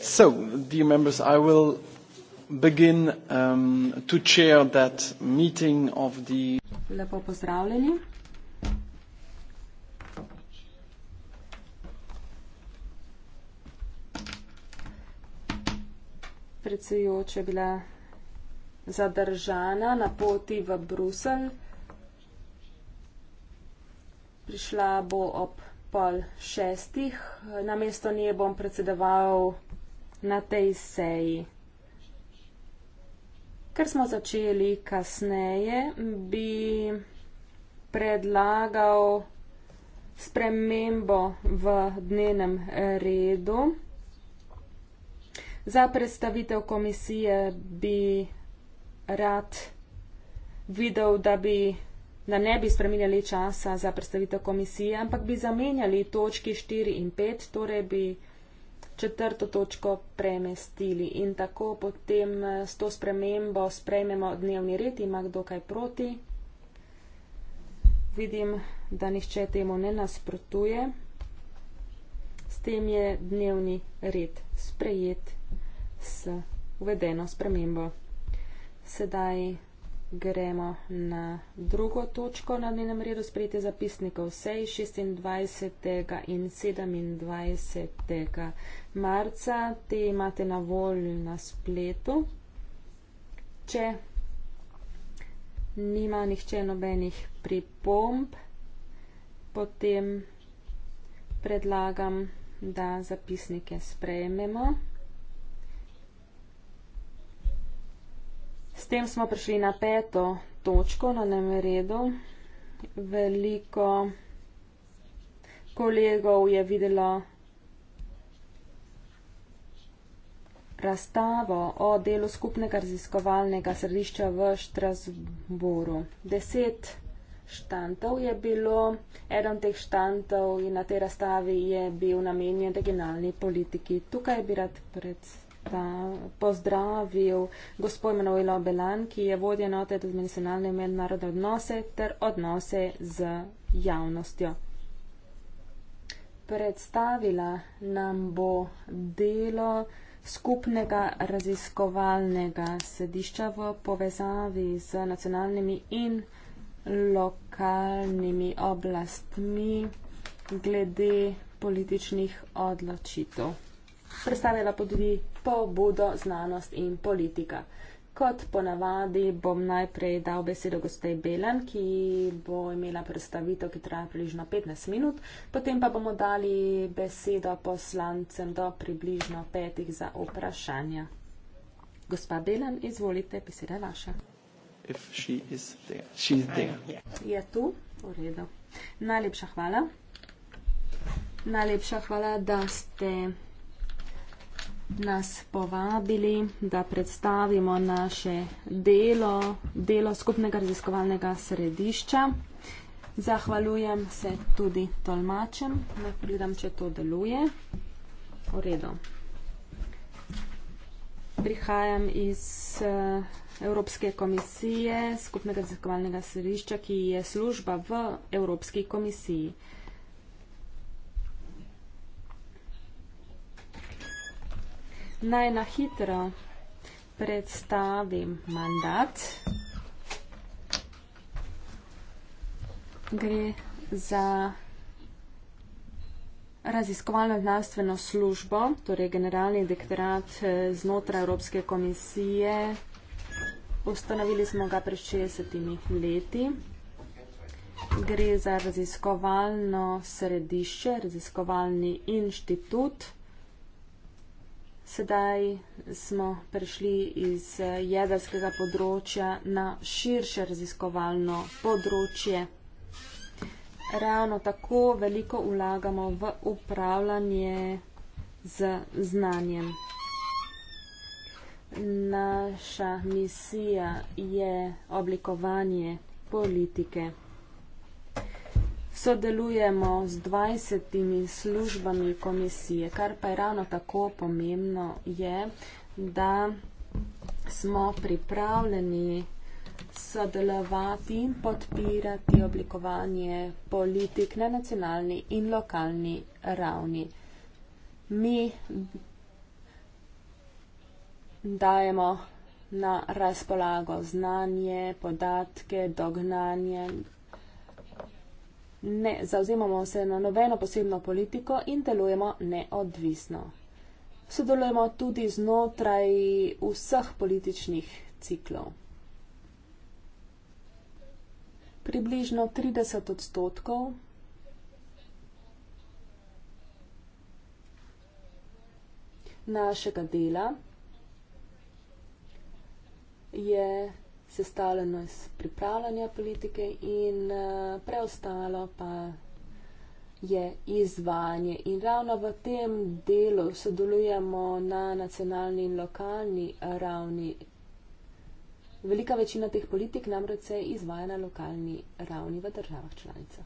So, dear members, I will begin um, to chair that meeting of the. Lepo pozdravljeni. Predsedujoča bila zadržana na poti v Bruselj. Prišla bo ob 14.30 pol šestih. Na mesto nje bom predsedoval na tej seji. Ker smo začeli kasneje, bi predlagal spremembo v dnevnem redu. Za predstavitev komisije bi rad videl, da bi da ne bi spremenjali časa za predstavitev komisije, ampak bi zamenjali točki 4 in 5, torej bi četrto točko premestili in tako potem s to spremembo sprejmemo dnevni red, ima kdo kaj proti. Vidim, da nišče temu ne nasprotuje. S tem je dnevni red sprejet s uvedeno spremembo. Sedaj Gremo na drugo točko na dnevnem redu sprejete zapisnikov sej 26. in 27. marca. Te imate na volju na spletu. Če nima nihče nobenih pripomb, potem predlagam, da zapisnike sprejmemo. S tem smo prišli na peto točko na nemeredu. Veliko kolegov je videlo razstavo o delu skupnega raziskovalnega središča v Štrasboru. Deset štantov je bilo, eden teh štantov in na tej razstavi je bil namenjen regionalni politiki. Tukaj bi rad predstavil pa eh, pozdravil gospod Manuelo Belan, ki je vodja enote dimensionalne mednarodne odnose ter odnose z javnostjo. Predstavila nam bo delo skupnega raziskovalnega sedišča v povezavi z nacionalnimi in lokalnimi oblastmi glede političnih odločitev. Predstavila bo tudi pobudo znanost in politika. Kot ponavadi bom najprej dal besedo gospe Belen, ki bo imela predstavitev, ki traja približno 15 minut, potem pa bomo dali besedo poslancem do približno petih za vprašanja. Gospa Belen, izvolite, beseda je vaša. Je tu? V redu. Najlepša hvala. Najlepša hvala, da ste nas povabili, da predstavimo naše delo, delo skupnega raziskovalnega središča. Zahvaljujem se tudi tolmačem, da pogledam, če to deluje. V redu. Prihajam iz eh, Evropske komisije, skupnega raziskovalnega središča, ki je služba v Evropski komisiji. Naj na hitro predstavim mandat. Gre za raziskovalno znanstveno službo, torej generalni dektorat eh, znotraj Evropske komisije. Ustanovili smo ga pred 60 leti. Gre za raziskovalno središče, raziskovalni inštitut. Sedaj smo prišli iz eh, jedrskega področja na širše raziskovalno področje. Ravno tako veliko vlagamo v upravljanje z znanjem. Naša misija je oblikovanje politike sodelujemo z 20 službami komisije. Kar pa je ravno tako pomembno, je, da smo pripravljeni sodelovati in podpirati oblikovanje politik na nacionalni in lokalni ravni. Mi dajemo na razpolago znanje, podatke, dognanje, Ne zauzemamo se na nobeno posebno politiko in delujemo neodvisno. Sodelujemo tudi znotraj vseh političnih ciklov. Približno 30 odstotkov našega dela je sestavljeno iz pripravljanja politike in eh, preostalo pa je izvajanje. In ravno v tem delu sodelujemo na nacionalni in lokalni ravni. Velika večina teh politik namreč se izvaja na lokalni ravni v državah članicah.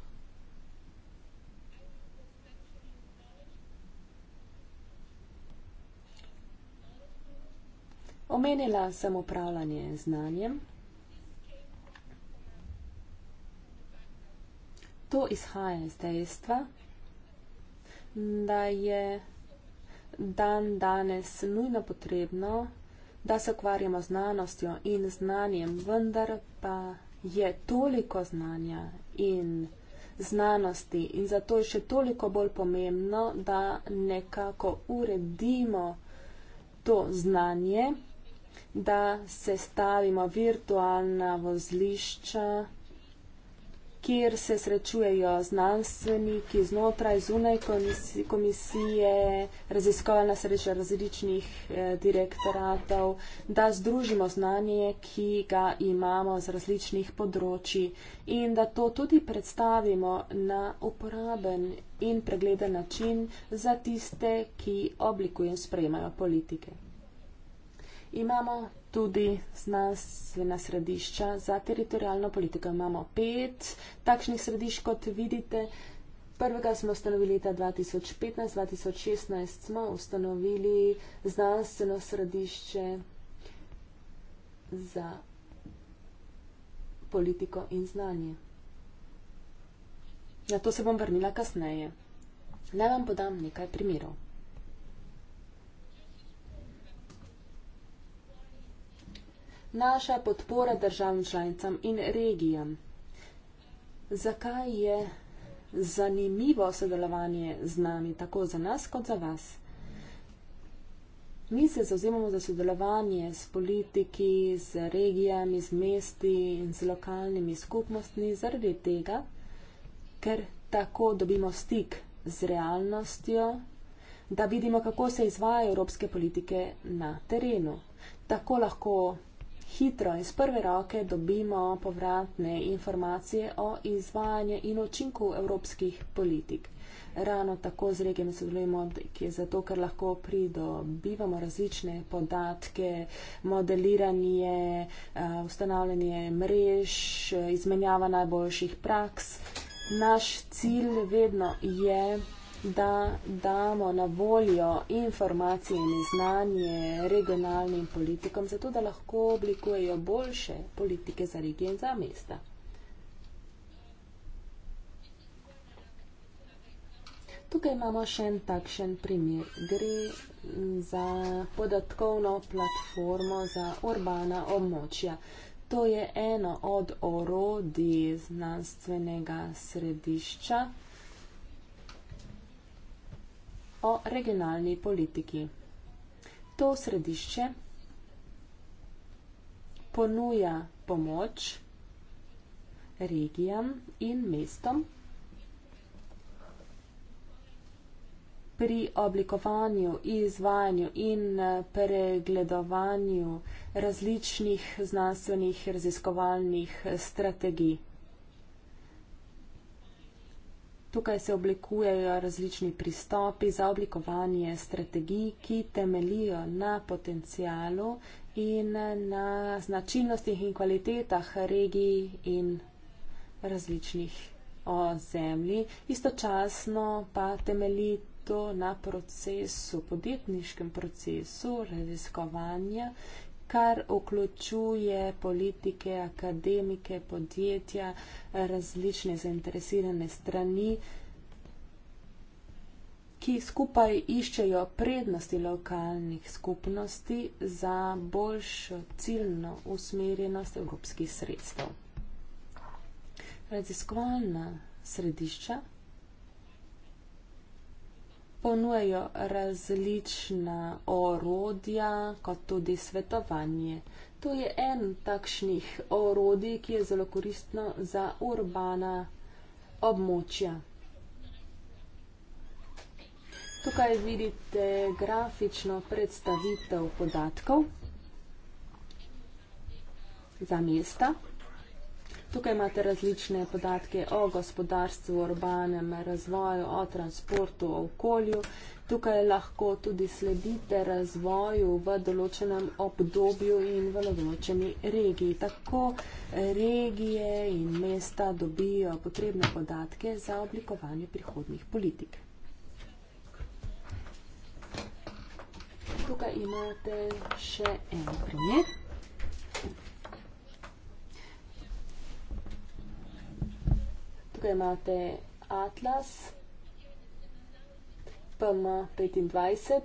Omenila sem upravljanje znanjem. to izhaja iz dejstva, da je dan danes nujno potrebno, da se ukvarjamo znanostjo in znanjem, vendar pa je toliko znanja in znanosti in zato je še toliko bolj pomembno, da nekako uredimo to znanje, da se stavimo virtualna vozlišča, kjer se srečujejo znanstveniki znotraj, zunaj komisije, komisije raziskovalna središča različnih eh, direktoratov, da združimo znanje, ki ga imamo z različnih področji in da to tudi predstavimo na uporaben in pregleden način za tiste, ki oblikujejo in sprejemajo politike. Imamo tudi z nas na središča za teritorijalno politiko. Imamo pet takšnih središč, kot vidite. Prvega smo ustanovili leta 2015-2016, smo ustanovili znanstveno središče za politiko in znanje. Na to se bom vrnila kasneje. Naj vam podam nekaj primerov. naša podpora državam članicam in regijam. Zakaj je zanimivo sodelovanje z nami, tako za nas kot za vas? Mi se zauzemamo za sodelovanje s politiki, z regijami, z mesti in z lokalnimi skupnostmi zaradi tega, ker tako dobimo stik z realnostjo, da vidimo, kako se izvajajo evropske politike na terenu. Tako lahko hitro iz prve roke dobimo povratne informacije o izvajanju in učinku evropskih politik. Rano tako z regijami sodelujemo, ki je zato, ker lahko pridobivamo različne podatke, modeliranje, eh, ustanavljanje mrež, izmenjava najboljših praks. Naš cilj vedno je da damo na voljo informacije in znanje regionalnim politikom, zato da lahko oblikujejo boljše politike za regije in za mesta. Tukaj imamo še en takšen primer. Gre za podatkovno platformo za urbana območja. To je eno od orodij znanstvenega središča o regionalni politiki. To središče ponuja pomoč regijam in mestom pri oblikovanju, izvajanju in eh, pregledovanju različnih znanstvenih raziskovalnih eh, strategij. Tukaj se oblikujejo različni pristopi za oblikovanje strategij, ki temelijo na potencijalu in na značilnostih in kvalitetah regij in različnih ozemlji. Istočasno pa temelji to na procesu, podjetniškem procesu raziskovanja, kar vključuje politike, akademike, podjetja, različne zainteresirane strani, ki skupaj iščejo prednosti lokalnih skupnosti za boljšo ciljno usmerjenost evropskih sredstev. Raziskovalna središča ponujajo različna orodja, kot tudi svetovanje. To je en takšnih orodij, ki je zelo koristno za urbana območja. Tukaj vidite grafično predstavitev podatkov za mesta. Tukaj imate različne podatke o gospodarstvu, urbanem razvoju, o transportu, o okolju. Tukaj lahko tudi sledite razvoju v določenem obdobju in v določeni regiji. Tako regije in mesta dobijo potrebne podatke za oblikovanje prihodnih politik. Tukaj imate še en primer. tukaj imate Atlas PM25,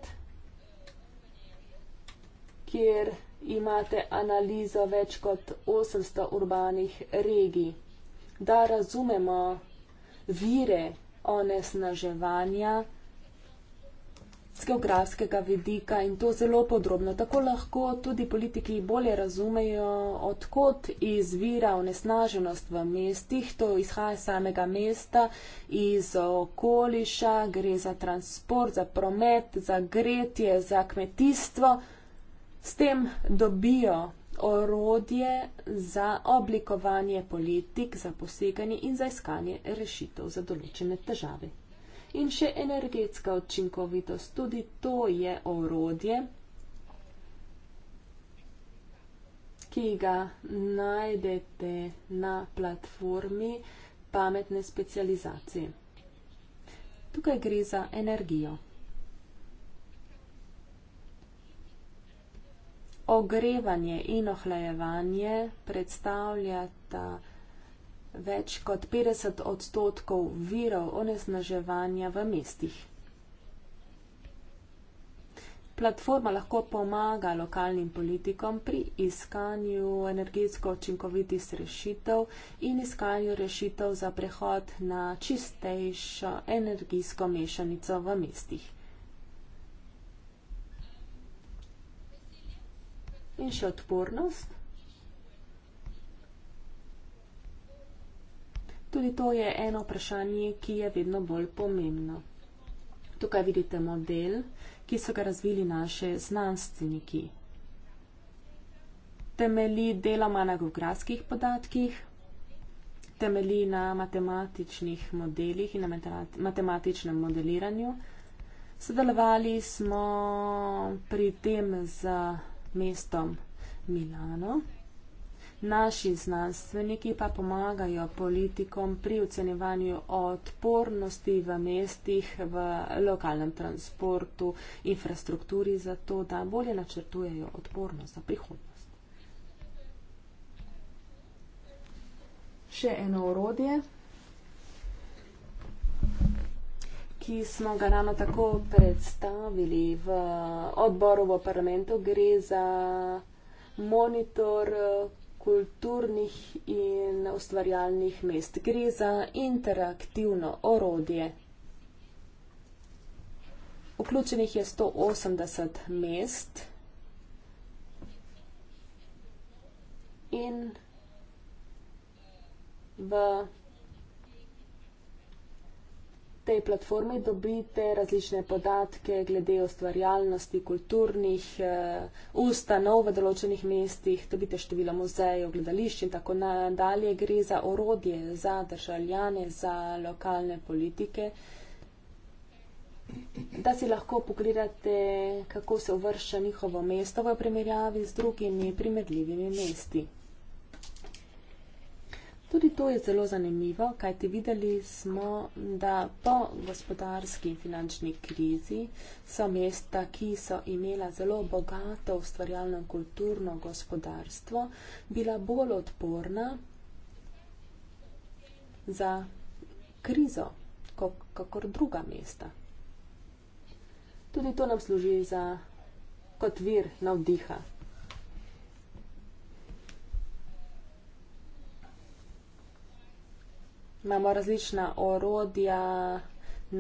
kjer imate analizo več kot 800 urbanih regij, da razumemo vire onesnaževanja z geografskega vidika in to zelo podrobno. Tako lahko tudi politiki bolje razumejo, odkot izvira onesnaženost v mestih. To izhaja iz samega mesta, iz okoliša, gre za transport, za promet, za gretje, za kmetijstvo. S tem dobijo orodje za oblikovanje politik, za poseganje in za iskanje rešitev za določene težave in še energetska učinkovitost. Tudi to je orodje, ki ga najdete na platformi pametne specializacije. Tukaj gre za energijo. Ogrevanje in ohlajevanje predstavljata več kot 50 odstotkov virov onesnaževanja v mestih. Platforma lahko pomaga lokalnim politikom pri iskanju energetsko očinkovitih rešitev in iskanju rešitev za prehod na čistejšo energijsko mešanico v mestih. In še odpornost. Tudi to je eno vprašanje, ki je vedno bolj pomembno. Tukaj vidite model, ki so ga razvili naše znanstveniki. Temeli deloma na geografskih podatkih, temeli na matematičnih modelih in na matematičnem modeliranju. Sodelovali smo pri tem z mestom Milano. Naši znanstveniki pa pomagajo politikom pri ocenjevanju odpornosti v mestih, v lokalnem transportu, infrastrukturi, zato da bolje načrtujejo odpornost za prihodnost. Še eno orodje, ki smo ga ravno tako predstavili v odboru v parlamentu, gre za monitor kulturnih in ustvarjalnih mest. Gre za interaktivno orodje. Vključenih je 180 mest in v tej platformi dobite različne podatke glede ustvarjalnosti kulturnih eh, ustanov v določenih mestih, dobite število muzejev, gledališč in tako nadalje. Gre za orodje za državljane, za lokalne politike, da si lahko pogledate, kako se uvršča njihovo mesto v primerjavi z drugimi primerljivimi mesti. Tudi to je zelo zanimivo, kajti videli smo, da po gospodarski in finančni krizi so mesta, ki so imela zelo bogato ustvarjalno kulturno gospodarstvo, bila bolj odporna za krizo, kakor druga mesta. Tudi to nam služi za, kot vir navdiha. imamo različna orodja,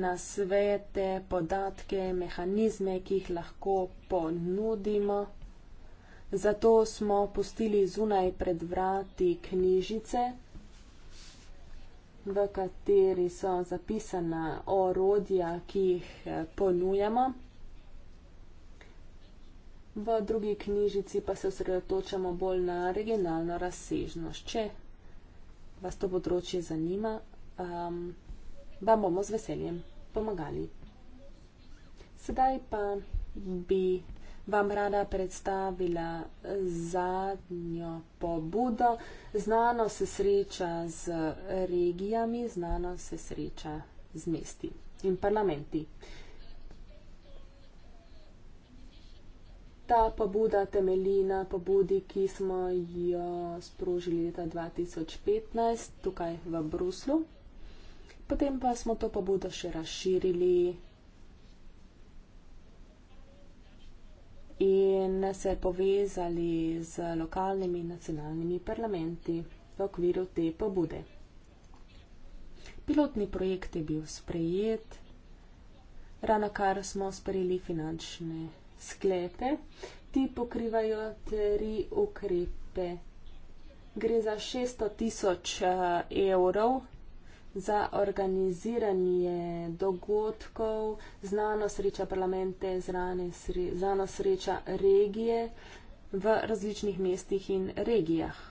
nasvete, podatke, mehanizme, ki jih lahko ponudimo. Zato smo pustili zunaj pred vrati knjižice, v kateri so zapisana orodja, ki jih eh, ponujamo. V drugi knjižici pa se osredotočamo bolj na regionalno razsežnost. Če vas to področje zanima, um, vam bomo z veseljem pomagali. Sedaj pa bi vam rada predstavila zadnjo pobudo. Znano se sreča z regijami, znano se sreča z mesti in parlamenti. Uh, Ta pobuda temelji na pobudi, ki smo jo sprožili leta 2015 tukaj v Bruslu. Potem pa smo to pobudo še razširili in se povezali z lokalnimi in nacionalnimi parlamenti v okviru te pobude. Pilotni projekt je bil sprejet, ravno kar smo sprejeli finančne sklepe. Ti pokrivajo tri ukrepe. Gre za 600 tisoč eh, evrov za organiziranje dogodkov, znano sreča parlamente, sre, znano sreča regije v različnih mestih in regijah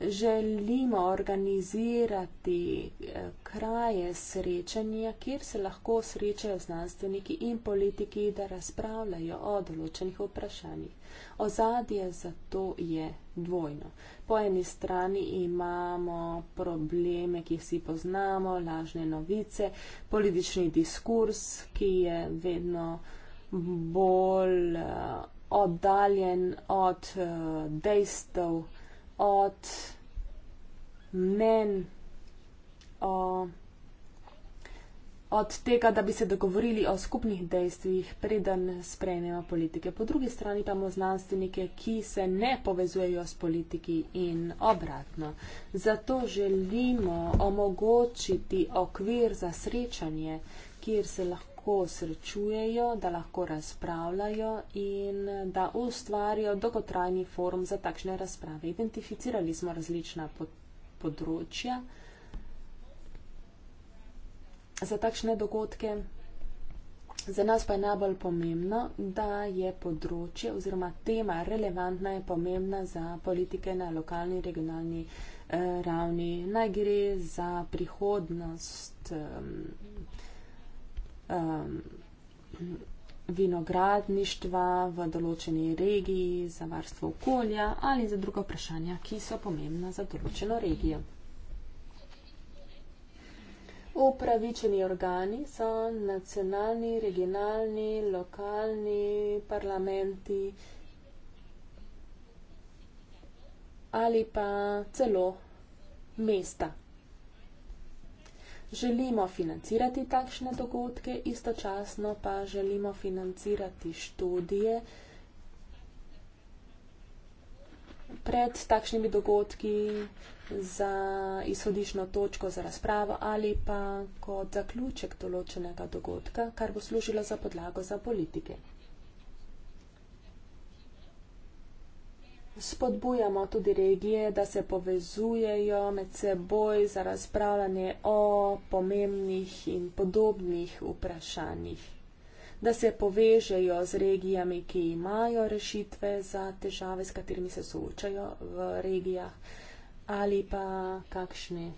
želimo organizirati eh, kraje srečanja, kjer se lahko srečajo znanstveniki in politiki, da razpravljajo o določenih vprašanjih. Ozadje za to je dvojno. Po eni strani imamo probleme, ki si poznamo, lažne novice, politični diskurs, ki je vedno bolj eh, oddaljen od eh, dejstev, od mnen, o, od tega, da bi se dogovorili o skupnih dejstvih, preden sprejmemo politike. Po drugi strani pa imamo znanstvenike, ki se ne povezujejo s politiki in obratno. Zato želimo omogočiti okvir za srečanje, kjer se lahko lahko srečujejo, da lahko razpravljajo in da ustvarijo dolgotrajni forum za takšne razprave. Identificirali smo različna področja za takšne dogodke. Za nas pa je najbolj pomembno, da je področje oziroma tema relevantna in pomembna za politike na lokalni in regionalni eh, ravni. Naj gre za prihodnost. Eh, um, vinogradništva v določeni regiji, za varstvo okolja ali za druga vprašanja, ki so pomembna za določeno regijo. Upravičeni organi so nacionalni, regionalni, lokalni parlamenti ali pa celo mesta želimo financirati takšne dogodke, istočasno pa želimo financirati študije. Pred takšnimi dogodki za izhodišno točko za razpravo ali pa kot zaključek določenega dogodka, kar bo služilo za podlago za politike. spodbujamo tudi regije, da se povezujejo med seboj za razpravljanje o pomembnih in podobnih vprašanjih, da se povežejo z regijami, ki imajo rešitve za težave, s katerimi se soočajo v regijah, ali pa kakšne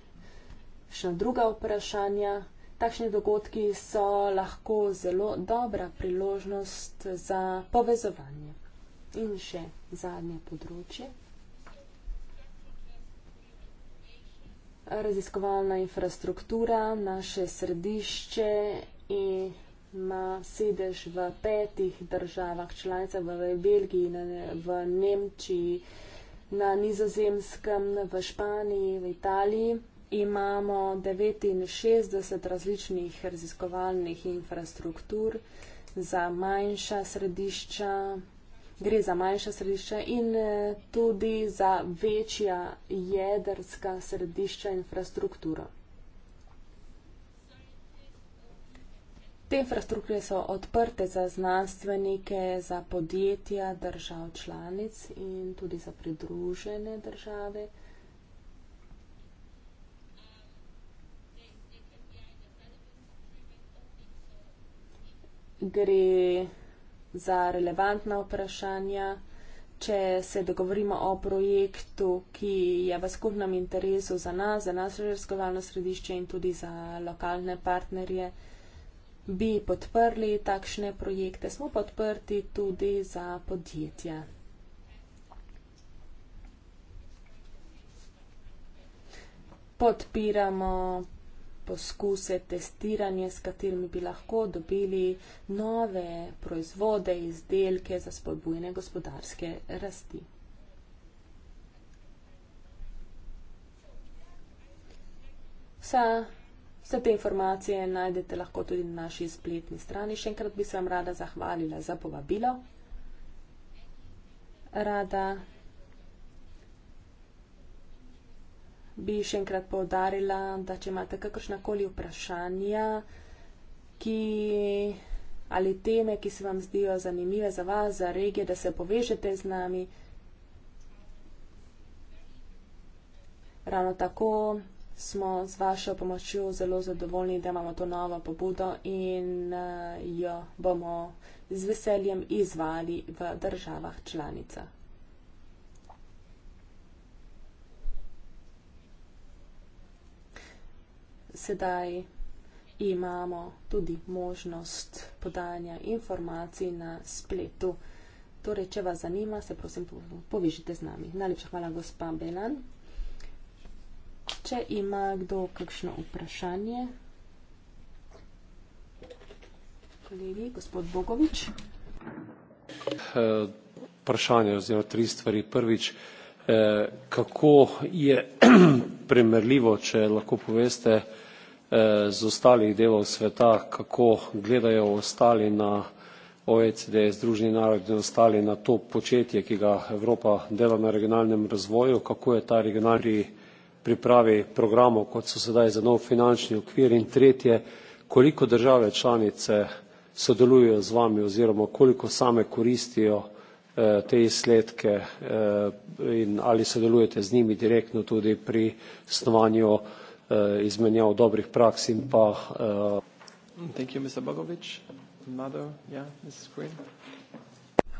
še druga vprašanja. Takšni dogodki so lahko zelo dobra priložnost za povezovanje. In še zadnje področje. Raziskovalna infrastruktura, naše središče ima sedež v petih državah članicah, v Belgiji, v Nemčiji, na nizozemskem, v Španiji, v Italiji. Imamo 69 različnih raziskovalnih infrastruktur za manjša središča, gre za manjša središča in eh, tudi za večja jedrska središča infrastrukturo. Te infrastrukture so odprte za znanstvenike, za podjetja držav članic in tudi za pridružene države. Gre za relevantna vprašanja, če se dogovorimo o projektu, ki je v skupnem interesu za nas, za naše raziskovalno središče in tudi za lokalne partnerje, bi podprli takšne projekte. Smo podprti tudi za podjetja. Podpiramo poskuse, testiranje, s katerimi bi lahko dobili nove proizvode, izdelke za spodbujene gospodarske rasti. Vsa, vse te informacije najdete lahko tudi na naši spletni strani. Še enkrat bi se vam rada zahvalila za povabilo. Rada bi še enkrat povdarila, da če imate kakršnakoli vprašanja ki, ali teme, ki se vam zdijo zanimive za vas, za regije, da se povežete z nami. Ravno tako smo z vašo pomočjo zelo zadovoljni, da imamo to novo pobudo in eh, jo bomo z veseljem izvali v državah članicah. sedaj imamo tudi možnost podanja informacij na spletu. Torej, če vas zanima, se prosim povežite z nami. Najlepša hvala, gospa Belan. Če ima kdo kakšno vprašanje? Kolegi, gospod Bogovič. Eh, vprašanje oziroma tri stvari. Prvič, eh, kako je primerljivo, če lahko poveste, Eh, z ostalih delov sveta, kako gledajo ostali na OECD, Združeni narod in ostali na to početje, ki ga Evropa dela na regionalnem razvoju, kako je ta regionalni pripravi programov, kot so sedaj za nov finančni okvir in tretje, koliko države članice sodelujejo z vami oziroma koliko same koristijo eh, te izsledke eh, in ali sodelujete z njimi direktno tudi pri snovanju uh, izmenjav dobrih praks in pa. Uh,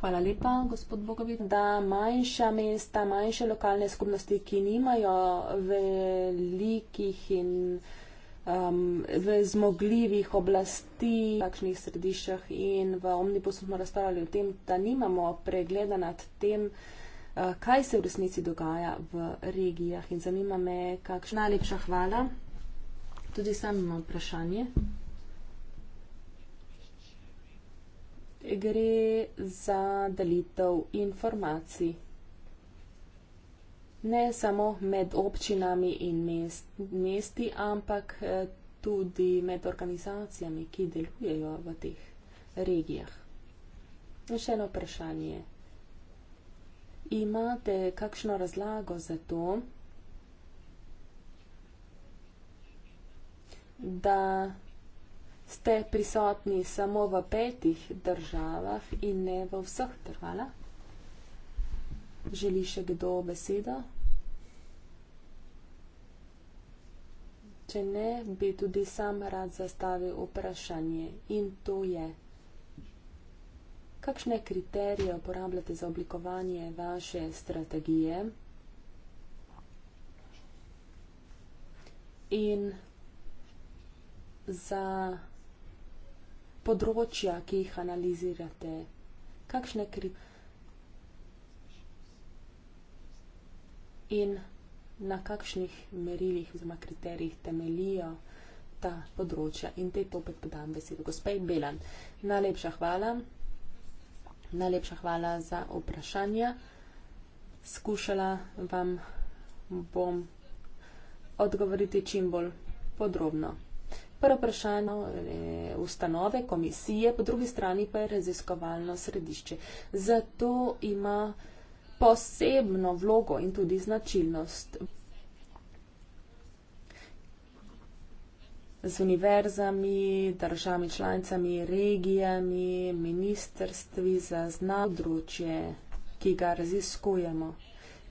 Hvala lepa, gospod Bogovič, da manjša mesta, manjše lokalne skupnosti, ki nimajo velikih in um, v zmogljivih oblasti, v takšnih središčah in v omnibusu smo razpravljali o tem, da nimamo pregleda nad tem, uh, Eh, kaj se v resnici dogaja v regijah. In zanima me, kakšna najlepša hvala. Tudi sam imam vprašanje. Gre za delitev informacij. Ne samo med občinami in mest, mesti, ampak eh, tudi med organizacijami, ki delujejo v teh regijah. In še eno vprašanje. Imate kakšno razlago za to, da ste prisotni samo v petih državah in ne v vseh državah? Želi še kdo besedo? Če ne, bi tudi sam rad zastavil vprašanje in to je kakšne kriterije uporabljate za oblikovanje vaše strategije in za področja, ki jih analizirate, kakšne kriterije in na kakšnih merilih oziroma kriterijih temelijo ta področja. In te topet podam besedo gospej Belan. Najlepša hvala. Najlepša hvala za vprašanja. Skušala vam bom odgovoriti čim bolj podrobno. Prvo vprašanje je ustanove, komisije, po drugi strani pa je raziskovalno središče. Zato ima posebno vlogo in tudi značilnost z univerzami, državami članicami, regijami, ministrstvi za znanje, ki ga raziskujemo.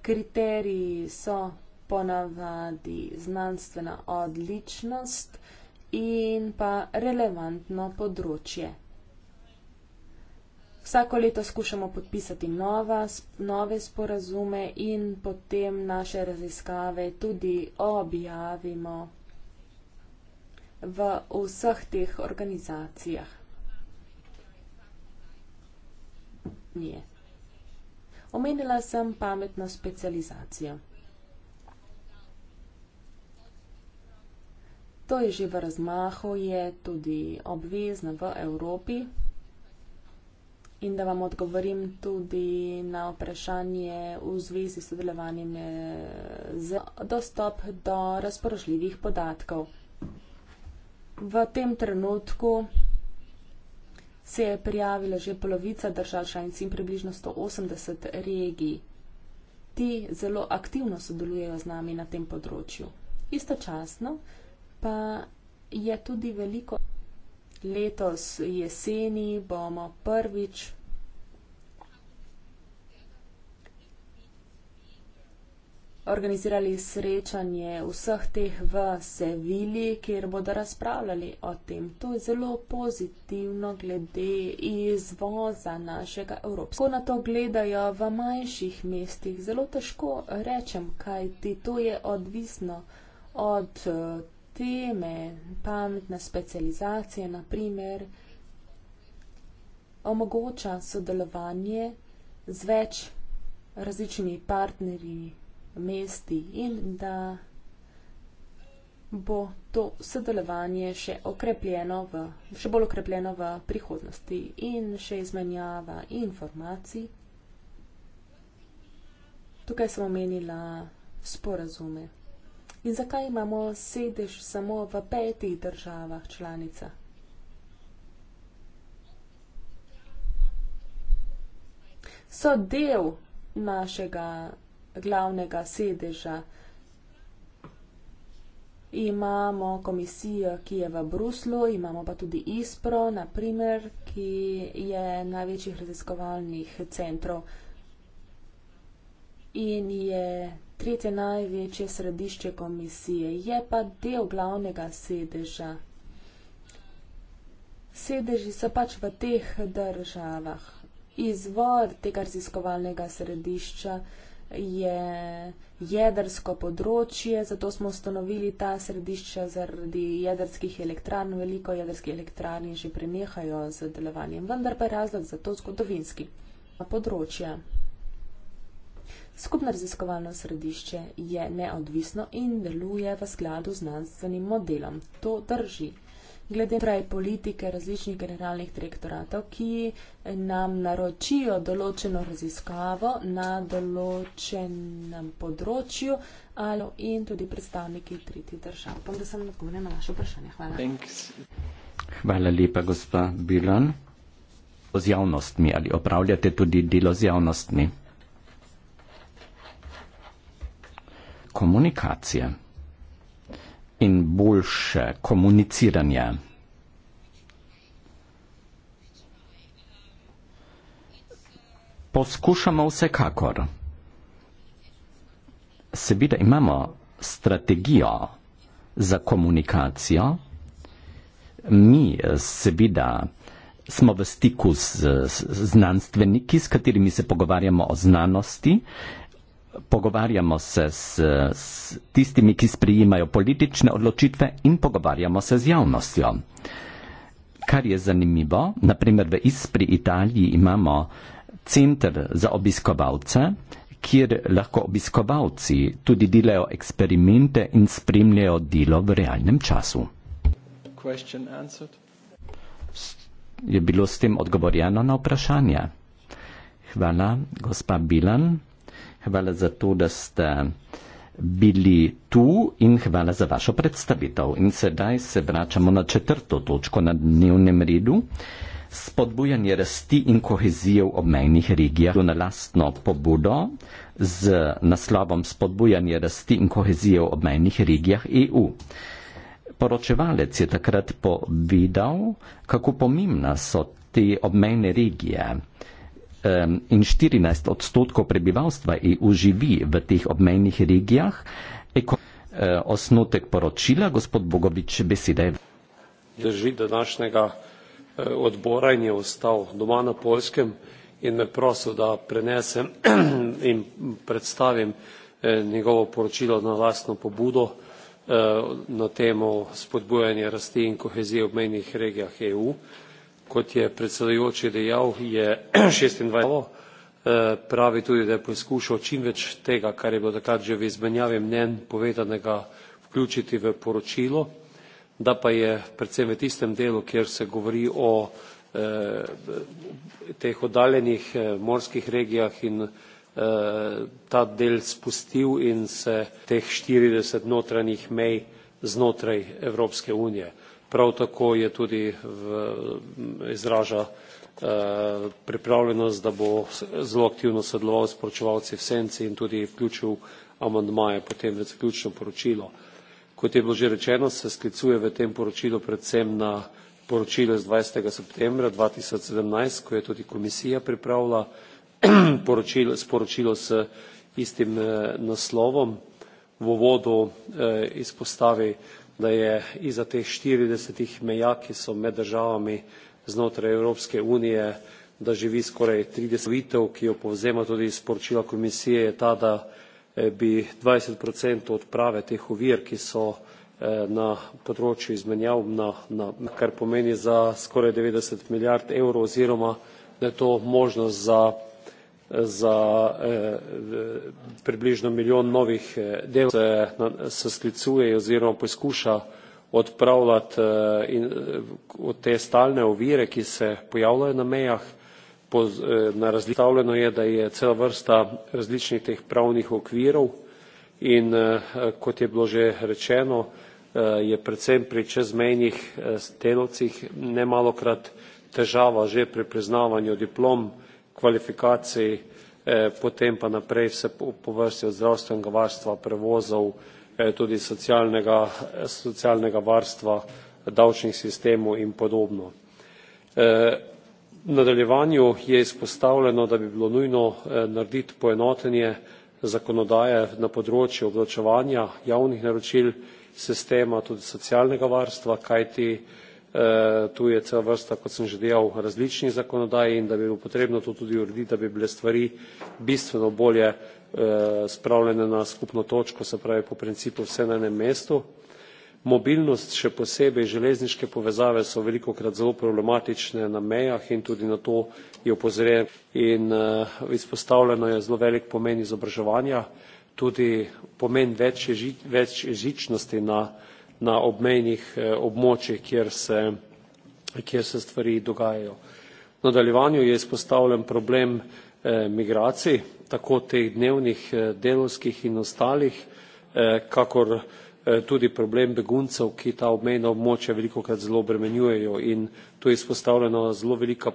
Kriteriji so ponavadi znanstvena odličnost in pa relevantno področje. Vsako leto skušamo podpisati nova, nove sporazume in potem naše raziskave tudi objavimo v vseh teh organizacijah. Nije. Omenila sem pametno specializacijo. To je že v razmahu, je tudi obvezno v Evropi. In da vam odgovorim tudi na vprašanje v zvezi s sodelovanjem eh, z dostop do razpoložljivih podatkov v tem trenutku se je prijavila že polovica držav članic in približno 180 regij. Ti zelo aktivno sodelujejo z nami na tem področju. Istočasno pa je tudi veliko. Letos jeseni bomo prvič organizirali srečanje vseh teh v Sevilji, kjer bodo razpravljali o tem. To je zelo pozitivno glede izvoza našega Evropska. Ko na to gledajo v manjših mestih, zelo težko rečem, kaj ti to je odvisno od eh, teme, pametne specializacije, naprimer, omogoča sodelovanje z več različnimi partnerji mesti in da bo to sodelovanje še, okrepljeno v, še bolj okrepljeno v prihodnosti in še izmenjava informacij. Tukaj sem omenila sporazume. In zakaj imamo sedež samo v petih državah članica? So del našega glavnega sedeža. Imamo komisijo, ki je v Bruslu, imamo pa tudi ISPRO, naprimer, ki je največjih raziskovalnih centrov in je tretje največje središče komisije, je pa del glavnega sedeža. Sedeži so pač v teh državah. Izvor tega raziskovalnega središča je je jedrsko področje, zato smo ustanovili ta središča zaradi jedrskih elektran. Veliko jedrskih elektran je že prenehajo z delovanjem, vendar pa je razlog za to zgodovinski področje. Skupno raziskovalno središče je neodvisno in deluje v skladu z znanstvenim modelom. To drži glede prej politike različnih generalnih direktoratov, ki nam naročijo določeno raziskavo na določenem področju ali in tudi predstavniki tretji držav. Upam, da sem odgovorila na vaše vprašanje. Hvala. Thanks. Hvala lepa, gospa Bilan. Z javnostmi ali opravljate tudi delo z javnostmi? Komunikacija in boljše komuniciranje. Poskušamo vsekakor. Seveda imamo strategijo za komunikacijo. Mi seveda smo v stiku z znanstveniki, s katerimi se pogovarjamo o znanosti, pogovarjamo se s, s tistimi, ki sprijimajo politične odločitve in pogovarjamo se z javnostjo. Kar je zanimivo, naprimer v Ispri Italiji imamo center za obiskovalce, kjer lahko obiskovalci tudi delajo eksperimente in spremljajo delo v realnem času. Je bilo s tem odgovorjeno na vprašanje? Hvala, gospa Bilan hvala za to, da ste bili tu in hvala za vašo predstavitev. In sedaj se vračamo na četrto točko na dnevnem redu. Spodbujanje rasti in kohezije v obmejnih regijah. Na lastno pobudo z naslovom Spodbujanje rasti in kohezije v obmejnih regijah EU. Poročevalec je takrat povedal, kako pomembna so te obmejne regije um, in 14 odstotkov prebivalstva EU živi v teh obmejnih regijah. Eko, uh, e, osnotek poročila, gospod Bogovič, besede. Drži današnjega uh, odbora in je ostal doma na Poljskem in me prosil, da prenesem in predstavim e, njegovo poročilo na lastno pobudo na temo spodbujanja rasti in kohezije v mejnih regijah EU kot je predsedujoči dejal je eh, pravi tudi da je poskušal čim več tega kar je bilo takrat že v izmenjavi mnenj povedanega vključiti v poročilo da pa je predvsem v tistem delu kjer se govori o eh, teh oddaljenih eh, morskih regijah in ta del spustil in se teh štirideset notranjih mej znotraj evropske unije prav tako je tudi v, izraža eh, pripravljenost da bo zelo aktivno sodeloval s poročevalci v senci in tudi vključil amandmaje potem v zaključno poročilo kot je bilo že rečeno se sklicuje v tem poročilu predvsem na poročilo iz 20. septembra 2017, ko je tudi komisija pripravila poročilo, sporočilo s istim eh, naslovom. V uvodu eh, izpostavi eh, da je izza teh štiridesetih meja, ki so med državami znotraj Evropske unije, da živi skoraj trideset vitev, ki jo povzema tudi iz poročila komisije, je ta, da eh, bi dvajset odstotkov odprave teh ovir, ki so eh, na področju izmenjav, na, na, kar pomeni za skoraj devetdeset milijard evrov oziroma da je to možnost za za eh, približno milijon novih eh, delovnih eh, mest se sklicuje oziroma poskuša odpravljati te stalne ovire ki se pojavljajo na mejah izpostavljeno je da je cela vrsta različnih teh pravnih okvirov in kot je bilo že rečeno je predvsem pri čezmejnih delavcih nemalokrat težava že pri priznavanju diplom kvalifikacij eh, potem pa naprej vse po vrsti od zdravstvenega varstva prevozov eh, tudi socialnega, eh, socialnega varstva davčnih sistemov in podobno. V nadaljevanju je izpostavljeno, da bi bilo nujno narediti poenotenje zakonodaje na področju obdavčevanja javnih naročil sistema tudi socialnega varstva kajti E, tu je cela vrsta kot sem že dejal različnih zakonodaj in da bi bilo potrebno to tudi urediti da bi bile stvari bistveno bolje e, spravljene na skupno točko se pravi po principu vse na enem mestu. mobilnost še posebej železniške povezave so velikokrat zelo problematične na mejah in tudi na to je opozorjen in e, izpostavljeno je zelo velik pomen izobraževanja tudi pomen večjezičnosti na na obmejnih eh, območjih kjer se stvari dogajajo. v nadaljevanju je izpostavljen problem eh, migracij tako teh dnevnih eh, delavskih in ostalih kakor tudi problem beguncev ki ta obmejna območja velikokrat zelo obremenjujejo in tu je izpostavljena zelo velika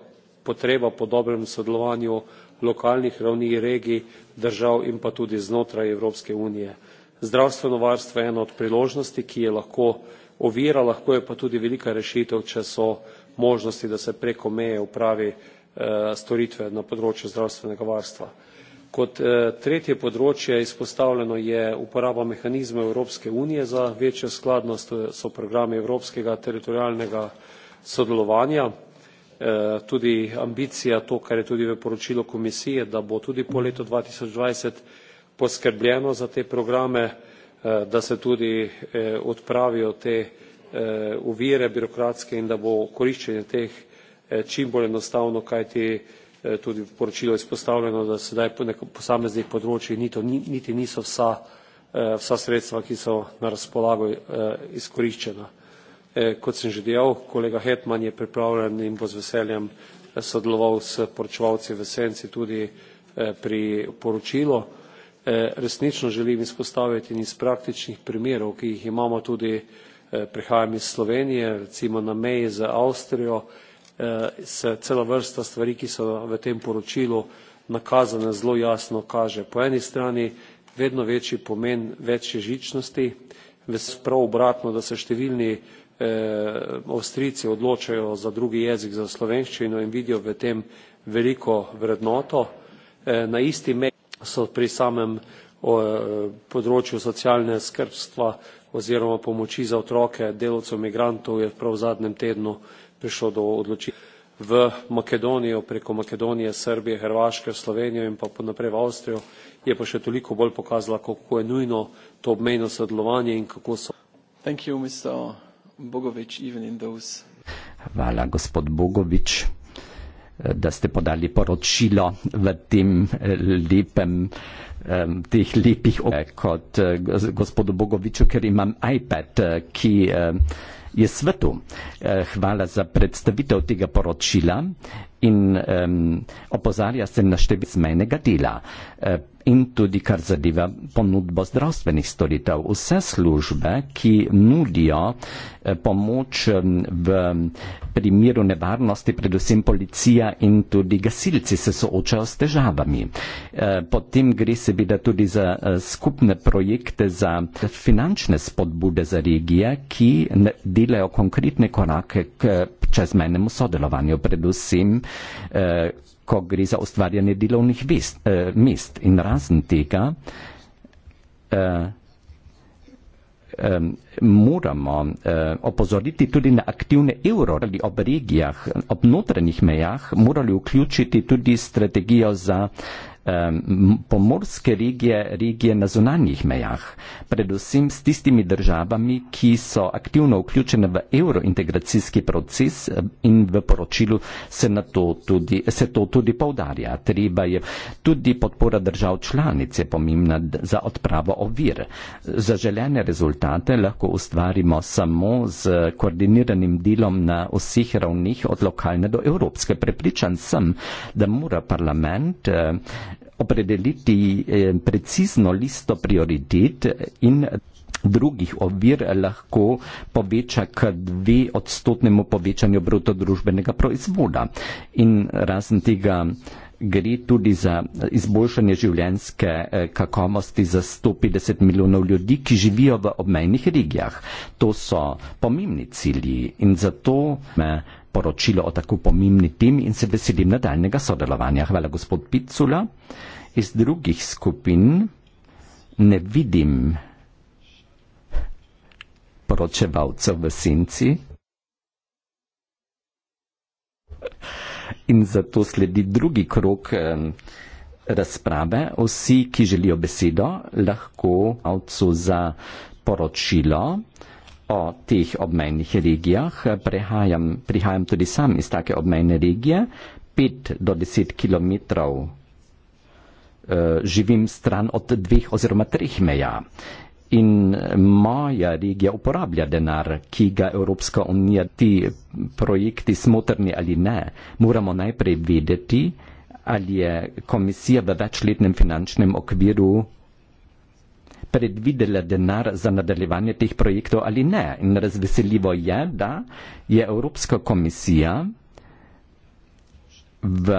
potreba po dobrem sodelovanju lokalnih ravni regij držav in pa tudi znotraj evropske unije zdravstveno varstvo ena od priložnosti, ki je lahko ovira, lahko je pa tudi velika rešitev, če so možnosti, da se preko meje upravi eh, storitve na področju zdravstvenega varstva. Kot eh, tretje področje izpostavljeno je uporaba mehanizma Evropske unije za večjo skladnost, so programi evropskega teritorijalnega sodelovanja. Eh, tudi ambicija, to, kar je tudi v poročilu komisije, da bo tudi po letu 2020 poskrbljeno za te programe eh, da se tudi eh, odpravijo te eh, ovire birokratske in da bo koriščenje teh čim bolj enostavno kajti tudi v poročilu izpostavljeno da sedaj po nekem posameznih področjih niti, niti niso vsa, vsa sredstva ki so na razpolago izkoriščena kot sem že dejal kolega hetman je pripravljen in bo z veseljem sodeloval s poročevalci v senci tudi pri poročilu Eh, resnično želim izpostaviti in iz praktičnih primerov ki jih imamo tudi eh, prihajam iz slovenije recimo na meji z avstrijo eh, se cela vrsta stvari ki so v tem poročilu nakazane zelo jasno kaže po eni strani vedno večji pomen večje žičnosti prav obratno da se številni avstrijci odločajo za drugi jezik za slovenščino in vidijo v tem veliko vrednoto na isti meji so pri samem področju socialne skrbstva oziroma pomoči za otroke delovcev migrantov je prav v zadnjem tednu prišlo do odločitve v Makedonijo, preko Makedonije, Srbije, Hrvaške, Slovenijo in pa naprej v Avstrijo, je pa še toliko bolj pokazala, kako je nujno to obmejno sodelovanje in kako so. Hvala, gospod Bogovič da ste podali poročilo v tem eh, lepem, teh lepih okoljih kot eh, gospodu Bogoviču, ker imam iPad, eh, ki je svetu. Hvala za predstavitev tega poročila in opozarja se na številne zmajnega dela in tudi kar zadeva ponudbo zdravstvenih storitev. Vse službe, ki nudijo eh, pomoč v primeru nevarnosti, predvsem policija in tudi gasilci se soočajo s težavami. Eh, potem gre seveda tudi za eh, skupne projekte za finančne spodbude za regije, ki delajo konkretne korake k čezmejnemu sodelovanju, predvsem eh, ko gre za ustvarjanje delovnih vist, eh, mest. In razen tega eh, eh, moramo eh, opozoriti tudi na aktivne evro, ali ob regijah, ob notranjih mejah, morali vključiti tudi strategijo za eh, pomorske regije, regije na zunanjih mejah, predvsem s tistimi državami, ki so aktivno vključene v eurointegracijski proces in v poročilu se, na to, tudi, se to tudi povdarja. Treba je tudi podpora držav članic je pomembna za odpravo ovir. Zaželene rezultate lahko ustvarimo samo z koordiniranim delom na vseh ravnih od lokalne do evropske. Prepričan sem, da mora parlament eh, opredeliti eh, precizno listo prioritet eh, in drugih ovir lahko poveča k dve odstotnemu povečanju brutodružbenega proizvoda. In razen tega gre tudi za izboljšanje življenske eh, kakovosti za 150 milijonov ljudi, ki živijo v obmejnih regijah. To so pomembni cilji in zato me poročilo o tako pomembni temi in se veselim nadaljnega sodelovanja. Hvala, gospod Picula. Iz drugih skupin ne vidim poročevalcev v senci. In zato sledi drugi krok razprave. Vsi, ki želijo besedo, lahko avcu za poročilo o teh obmejnih regijah. Prehajam, prihajam tudi sam iz take obmejne regije, 5 do 10 km uh, živim stran od dveh oziroma treh meja. In moja regija uporablja denar, ki ga Evropska unija, ti projekti smotrni ali ne, moramo najprej vedeti, ali je komisija v večletnem finančnem okviru predvidela denar za nadaljevanje teh projektov ali ne. In razveseljivo je, da je Evropska komisija v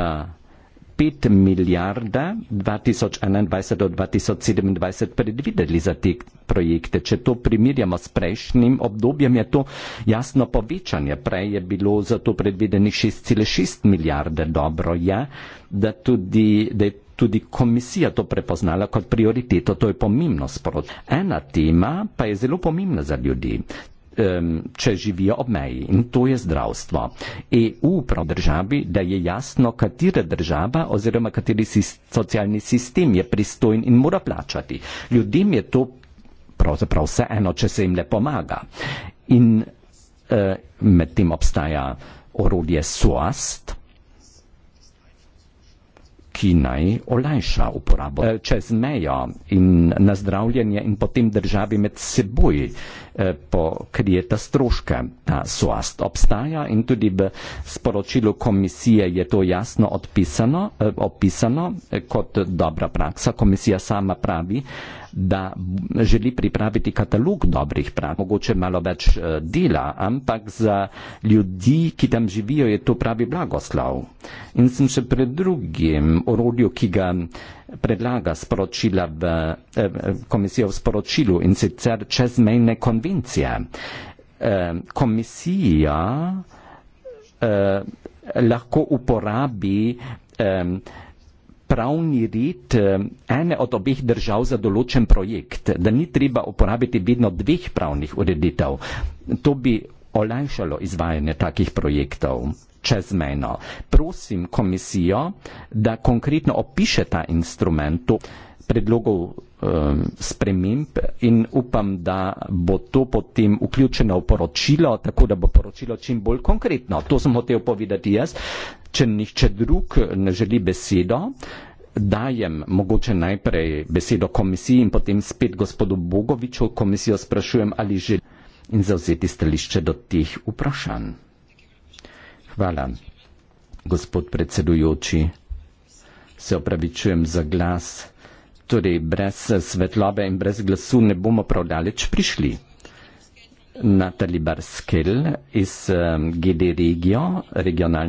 5 milijarde 2021 do 2027 predvideli za te projekte. Če to primerjamo s prejšnjim obdobjem, je to jasno povečanje. Prej je bilo za to predvidenih 6,6 milijarde. Dobro je, da tudi, da je tudi komisija to prepoznala kot prioriteto, to je pomembno sporočilo. Ena tema pa je zelo pomembna za ljudi, če živijo ob meji in to je zdravstvo. EU prav državi, da je jasno, katera država oziroma kateri socialni sistem je pristojen in mora plačati. Ljudem je to pravzaprav vse eno, če se jim le pomaga. In eh, med tem obstaja orodje SOAST, ki naj olajša uporabo eh, čez mejo in na zdravljenje in potem državi med seboj Eh, pokrije ta stroške, ta soast obstaja in tudi v sporočilu komisije je to jasno odpisano, eh, opisano eh, kot dobra praksa. Komisija sama pravi, da želi pripraviti katalog dobrih praks, mogoče malo več dela, ampak za ljudi, ki tam živijo, je to pravi blagoslav. In sem še pred drugim orodju, ki ga predlaga sporočila v eh, komisijo v sporočilu in sicer čezmejne konvencije. Eh, komisija eh, lahko uporabi pravni red ene od obih držav za določen projekt, da ni treba uporabiti vedno dveh pravnih ureditev. To bi olajšalo izvajanje takih projektov čezmejno. Prosim komisijo, da konkretno opiše ta instrument predlogov um, sprememb in upam, da bo to potem vključeno v poročilo, tako da bo poročilo čim bolj konkretno. To sem hotel povedati jaz. Če nihče drug ne želi besedo, dajem mogoče najprej besedo komisiji in potem spet gospodu Bogoviču komisijo sprašujem, ali želi in zauzeti stališče do teh vprašanj. Hvala, gospod predsedujoči. Se opravičujem za glas, torej brez svetlobe in brez glasu ne bomo prav daleč prišli. Natali Barskel iz eh, GD Regio, regionalno.